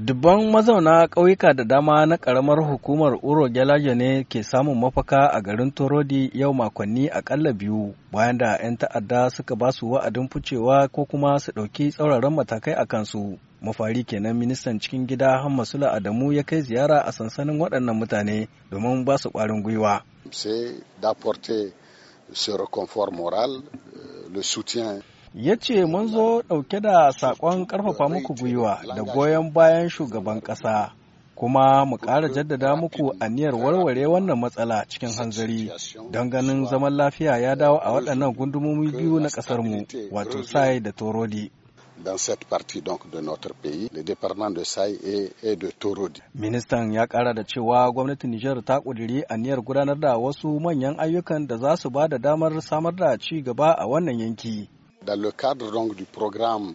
Dubban mazauna ƙauyuka da dama na ƙaramar hukumar Uro Gyalaje ne ke samun mafaka a garin Torodi yau makonni aƙalla biyu bayan da 'yan ta'adda suka ba su wa'adin ficewa ko kuma su ɗauki tsauraran matakai a kansu. Mafari kenan ministan cikin gida Hammasula Adamu ya kai ziyara a sansanin waɗannan mutane domin ba su ƙwarin gwiwa. da porte reconfort moral, euh, le soutien ya ce mun zo ɗauke da saƙon ƙarfafa muku gwiwa da goyon bayan shugaban ƙasa kuma mu ƙara jaddada muku aniyar warware wannan matsala cikin hanzari don ganin zaman lafiya ya dawo a waɗannan gundumomi biyu na ƙasarmu wato sai da torodi dans cette partie donc de notre pays, le département de Sai et, de Torodi. Ministan ya kara da cewa gwamnatin Nijar ta a aniyar gudanar da wasu manyan ayyukan da za su ba da damar samar da ci gaba a wannan yanki. dans le cadre donc du programme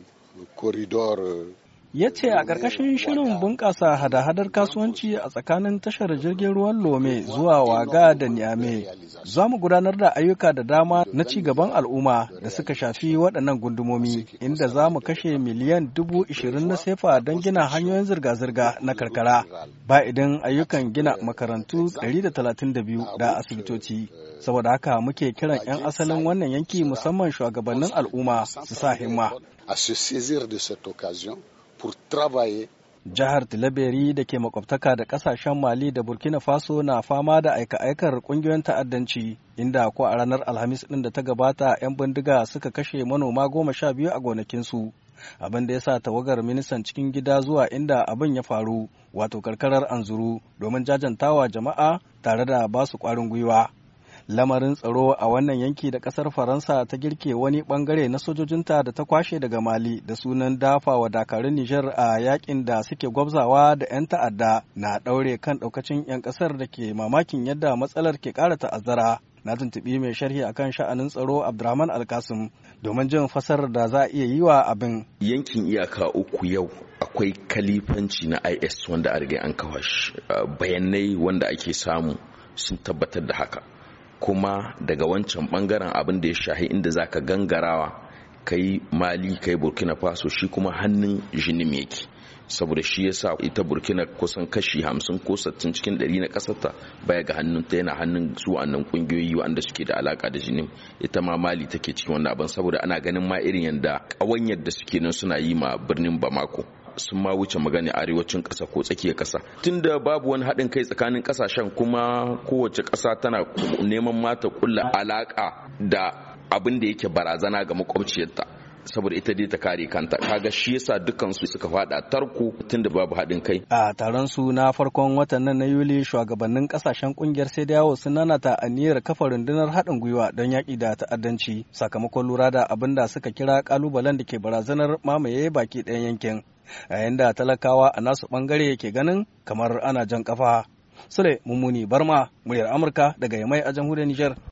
Corridor euh, ya ce a ƙarƙashin shirin bunƙasa hada-hadar kasuwanci a tsakanin tashar jirgin ruwan lome zuwa waga da niame za mu gudanar da ayyuka da dama na ci gaban al'umma da suka shafi waɗannan gundumomi inda za mu kashe miliyan dubu ishirin na sefa don gina hanyoyin zirga-zirga na karkara ba idan ayyukan gina makarantu 132 da asibitoci saboda haka muke kiran 'yan asalin wannan yanki musamman shugabannin al'umma su sa himma. pour Jihar Tilaberi da ke makwabtaka da kasashen Mali da Burkina Faso na fama da aika-aikar kungiyoyin ta'addanci, inda ko a ranar Alhamis din da ta gabata 'yan bindiga suka kashe manoma goma sha biyu a gonakinsu. Abin da ya sa tawagar ministan cikin gida zuwa inda abin ya faru, wato karkarar anzuru, domin jajantawa jama'a tare da basu kwarin gwiwa. lamarin tsaro a wannan yanki da kasar faransa ta girke wani bangare na sojojinta da ta kwashe daga mali da sunan dafa wa dakarun nijar a yakin da suke gwabzawa da 'yan ta'adda na ɗaure kan ɗaukacin 'yan ƙasar da ke mamakin yadda matsalar ke kara ta'azzara na tuntuɓi mai sharhi akan sha'anin tsaro abdurrahman alkasim domin jin fasarar da za a iya yi wa abin yankin iyaka uku yau akwai kalifanci na is wanda a an kawashi bayanai wanda ake samu sun tabbatar da haka kuma daga wancan bangaren abin da ya shahi inda zaka gangarawa kai mali kai burkina faso shi kuma hannun jinim yake saboda shi yasa ita burkina kusan kashi hamsin ko sattin cikin ɗari na ƙasarta baya ga hannun ta yana hannun su annan ƙungiyoyi wanda suke da alaka da jinin ita ma mali take cikin wannan abin saboda ana ganin ma irin yadda ƙawanyar da suke nan suna yi ma birnin bamako sun ma wuce magana arewacin ƙasa ko tsakiyar ƙasa tunda babu wani haɗin kai tsakanin ƙasashen kuma kowace ƙasa tana neman mata kulla alaƙa da abin da yake barazana ga makwabciyarta saboda ita dai ta kare kanta kaga shi yasa dukkan su suka fada tarko tunda babu haɗin kai a taron su na farkon watan nan na yuli shugabannin kasashen kungiyar sai da yawo sun nanata aniyar kafa rundunar haɗin gwiwa don yaƙi da ta'addanci sakamakon lura da abin da suka kira kalubalen da ke barazanar mamaye baki ɗayan yankin A da talakawa a nasu bangare ke ganin kamar ana jan kafa. Sule Mummuni Barma, muryar Amurka daga Yamai a jamhuriyar Nijar.